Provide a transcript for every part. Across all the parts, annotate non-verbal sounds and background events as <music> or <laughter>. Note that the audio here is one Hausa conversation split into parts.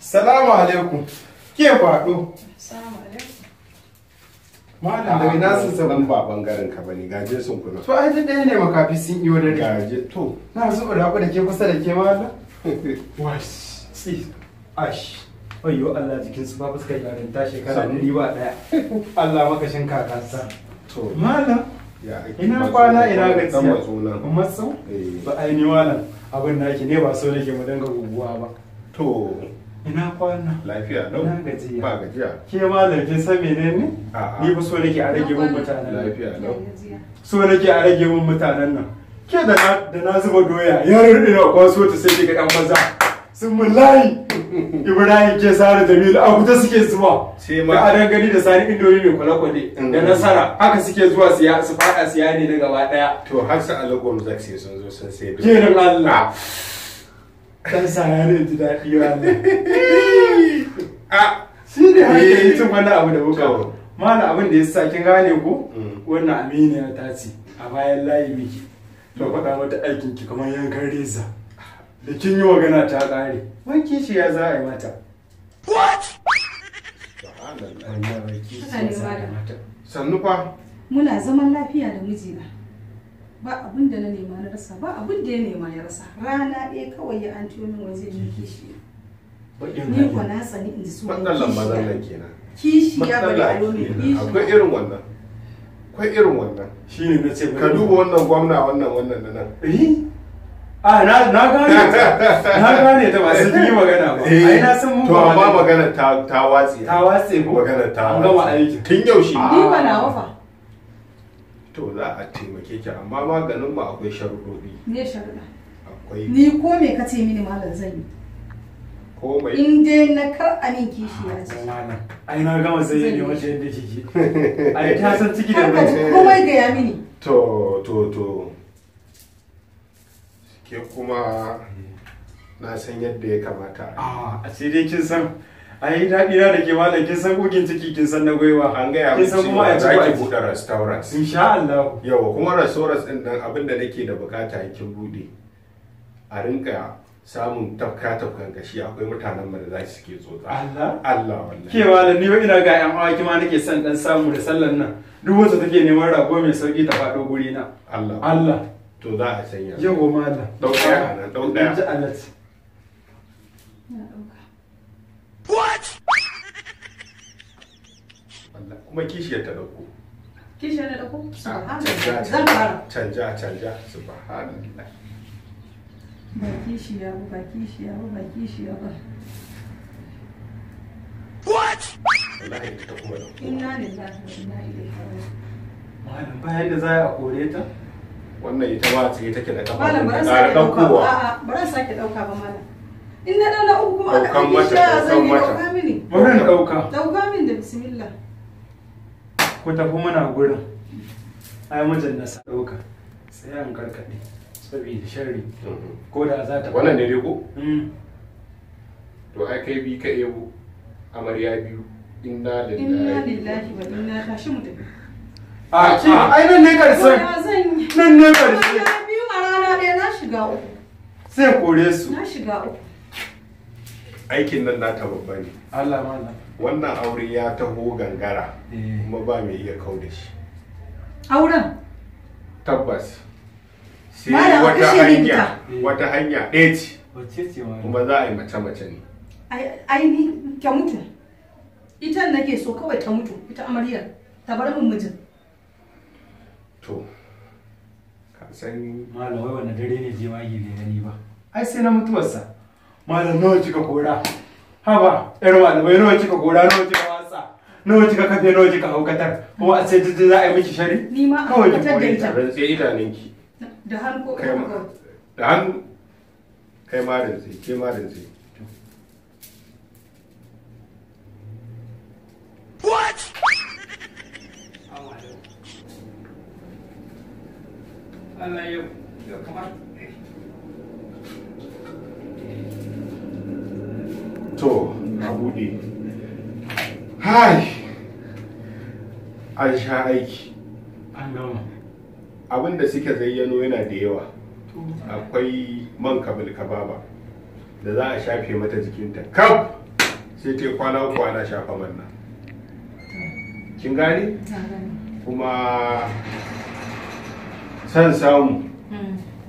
salamu alaikum ke faɗo malam daga na sun sabu ba bangaren ka bane gaje sun kuma to ai ɗaya ne makafi sun iyo da gaje to na zuba da ku da ke kusa da ke mala. <laughs> wash si ash ayyo Allah jikin su babu suka yaran ta shekara ni riba daya <laughs> Allah makashin kakansa to malam ina kwana ina gajiya matsau ba ainihin malam abin da ake ne ba so nake mu danga guguwa ba to ina kwana lafiya lau ina gajiya ba gajiya ke malam kin san menene ni ba so nake a rage mun mutanen lafiya lau so nake a rage mun mutanen nan ke da na da na zuba doya yaron ina kwaso ta sai kika dan maza sun mun layi Ibrahim ke sare Jamilu a kuta suke zuwa sai ma a dangane da sani indomi ne kwale-kwale mm. da nasara haka suke zuwa siya su fada siya ne na gaba daya to har sa alagon zak sai sun zo sun sai kenan Allah ah. kan ya ji daɗi wannan a yi abu da muka mana abin da ya sa kin gane ko mm. wannan aminiya ta ce a bayan layi miki mm. faɗa mata aikinki kamar yankan reza da kin ta ƙare wai kishi fa muna zaman lafiya da mijina ba abin da na nema na rasa ba abin da ya nema ya rasa rana ɗaya kawai ya antiyo min wai zai yi kishi ni ko na tsani in ji su matsalan mazalla kishi ya bari a yomi kishi akwai irin wannan akwai irin wannan shine na ce ka duba wannan gwamna wannan wannan da nan eh? a ah, na na gane na gane ta ba sun yi magana ba eh, ai na san mu to amma magana ta ta watse ta watse ko magana ta an gama aiki tun shi ni ba na wafa to za a taimake ki amma maganin mu akwai sharuɗoɗi ne sharuɗa akwai ni ko me ka ce mini malam zan yi ko mai in dai na kar a min kishi ya ce ah, ai na gama sai ne wace yadda kike ai ta san ciki da mai komai ga ya mini to to to ke kuma hmm. na san yadda ya kamata ah, a sai dai kin san ai da, na da ke malam kin san kogin ciki kin san na gwiwa an gaya kin san kuma a ci ba buɗe restaurant insha Allah yawa kuma restaurant din dan abin da nake da bukata yake bude a rinka samun tafka tafkan gashi akwai mutanen da za su ke tsotsa Allah Allah wallahi ke malam ni ina ga yan awaki ma nake san dan samu da sallan nan duk wanda take neman rago mai sauki ta faɗo guri na Allah Allah to za a sanya yawa malam dauka daya kuma kishiyar ta dauko kishiyar ta dauko subhanallah zan fara canja canja subhanallah ba kishiya ba ba kishiya ba ba kishiya ba what inna lillahi wa inna ilaihi raji'un bayan da za a kore ta wannan ita ma tsaye take da kafa ba za ba ba sake dauka ba malam in na dana uku kuma aka zan mata dauka mini Ba na dauka dauka min da bismillah ku tafi muna gurin ai mijin na sa sai an karkade saboda sharri ko da za ta wannan ne dai ko hmm. to ai kai bi ka yabo amarya biyu inna lillahi inna lillahi wa inna ilaihi mu a ci ai nan ne karshen nan ne karshen biyu a rana ɗaya na shiga uku sai kore su na shiga uku aikin nan nata babba ne Allah mallam wannan aure ya taho gangara eh. kuma ba mai iya kau da shi auren tabbas sai wata hanya eh. wata hanya ɗaya ce kuma za a yi mace mace ne ai ni ke mutu ita nake so kawai ta mutu ita amaryar ta bar min mijin to ka san malamai wannan dare ne je ma gidi gani ba ai sai na mutuwarsa malam nawa kika kora haba yar malamai nawa kika kora nawa kika watsa nawa kika kafe nawa kika haukatar kuma a sai jiji za a yi miki shari ni ma kawai ki kore ta rantse idanunki da hannu kai ma da hannu kai ma rantse ke ma rantse What? Allah yau, yau kamar so, na bude hai an sha aiki an abin da suke zayyano yana da yawa akwai man kabil kababa da za a shafe mata jikinta kaf sai ta kwana uku ana shafa manna kin gani kuma san samu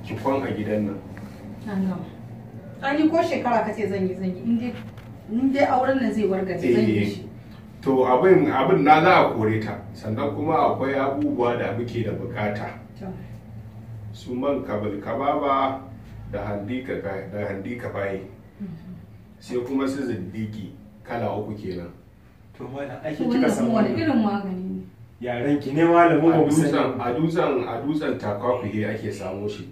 ki kwan a gidan nan an ko shekara kace zan yi zan yi in dai auren nan zai wargaje zan yi eh, shi to abin abin na za a kore ta sannan kuma akwai abubuwa da muke da bukata su man kabal kababa da handika da handika baye mhm. sai kuma su zindiki kala uku kenan to mana ake kika samu wani irin magani ne yaran ki ne malamin a dutsen a dutsen ake samo shi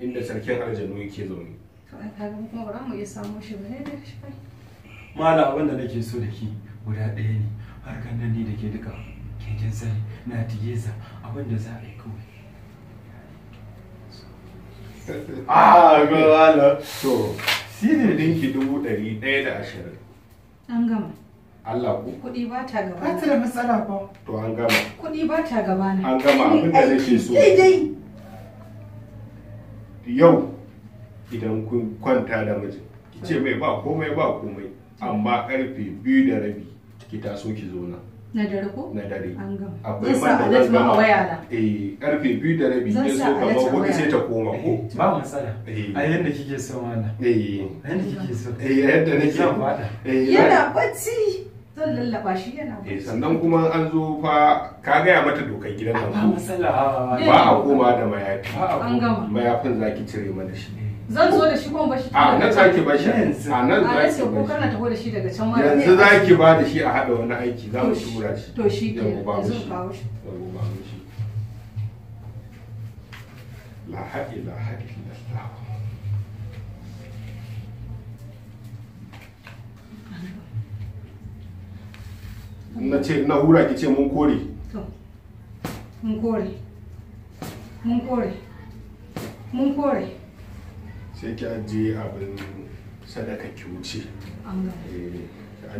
inda sarkin aljanu yake zaune to ai kaga kuma ba mu iya shi ba ne da shi mala abin da nake so da ki guda ɗaya ne har nan ni da ke duka keken sani na tigeza abin da za a yi kawai <laughs> ah ga wala to sirrin dinki dubu ɗari ɗaya da ashirin an gama Allah ku kuɗi ba ta gaba ba ta da matsala ba to an gama kuɗi ba ta gaba ne an gama abin da nake so yau idan kun kwanta da mijin ki ce mai ba komai ba komai amma karfe biyu da rabi ki taso ki zo na. na dare ko na dare akwai man da zan gama eh karfe biyu da rabi ke so gaba ko sai ta koma ko ba matsala eh. a yanda kike so mana eh, eh, eh a yanda kike so eh yanda nake son bada eh yana bacci zan lallaba shi yana bacci sannan kuma an zo fa ka gaya mata dokar gidan nan ba matsala ba a koma da mayafi ba a gama mayafin zaki cire mana shi zan zo da shi kuma bashi a nan za ki bashi a nan za ki ko kana da shi daga can yanzu za ki ba da shi a haɗa wani aiki za mu shura shi to shi ke yanzu kawo shi la haɗi la na ce ce mun kore mun kore mun kore mun kore sai ki ajiye abin sadaka ki wuce eh,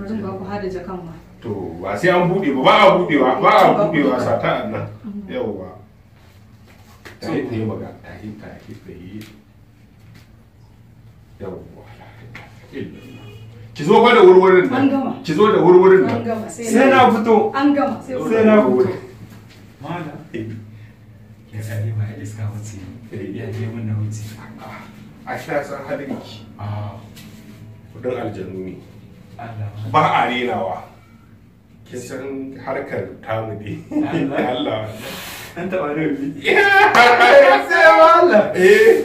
bari ba ku hada jakan ba to ba sai an buɗe ba ba a budewa ba a budewa sata annan yawwa tahi tahi maga ta ta yi tahi tahi tahi yawwa ki zo fa da wurwurin nan ki zo da wurwurin nan sai na fito an gama sai na fito mala eh. ya sani ma ya iska wuce eh. ya je mun na wuce ah. a sha san hadirki kudin aljanu ne ba a renawa kin san harkar tamu ne Allah an taɓa ne ya sai wa Allah eh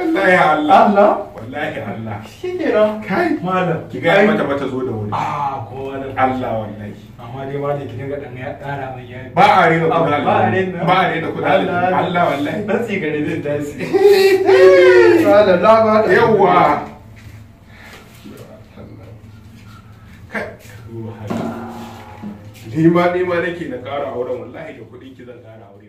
Allah ya Allah Allah wallahi Allah shi ne ran kai malam ki ga mata bata zo da wuri a ah, ko malam Allah wallahi amma dai ba da ki dinga dan ya tsara mai yayi ba a rena kudin ah, ba a rena ba a rena kudin Allah wallahi dan tsigare zai tashi <laughs> malam la ba yawa ni ma ni ma nake na ƙara auren wallahi da kuɗin ki zan ƙara auren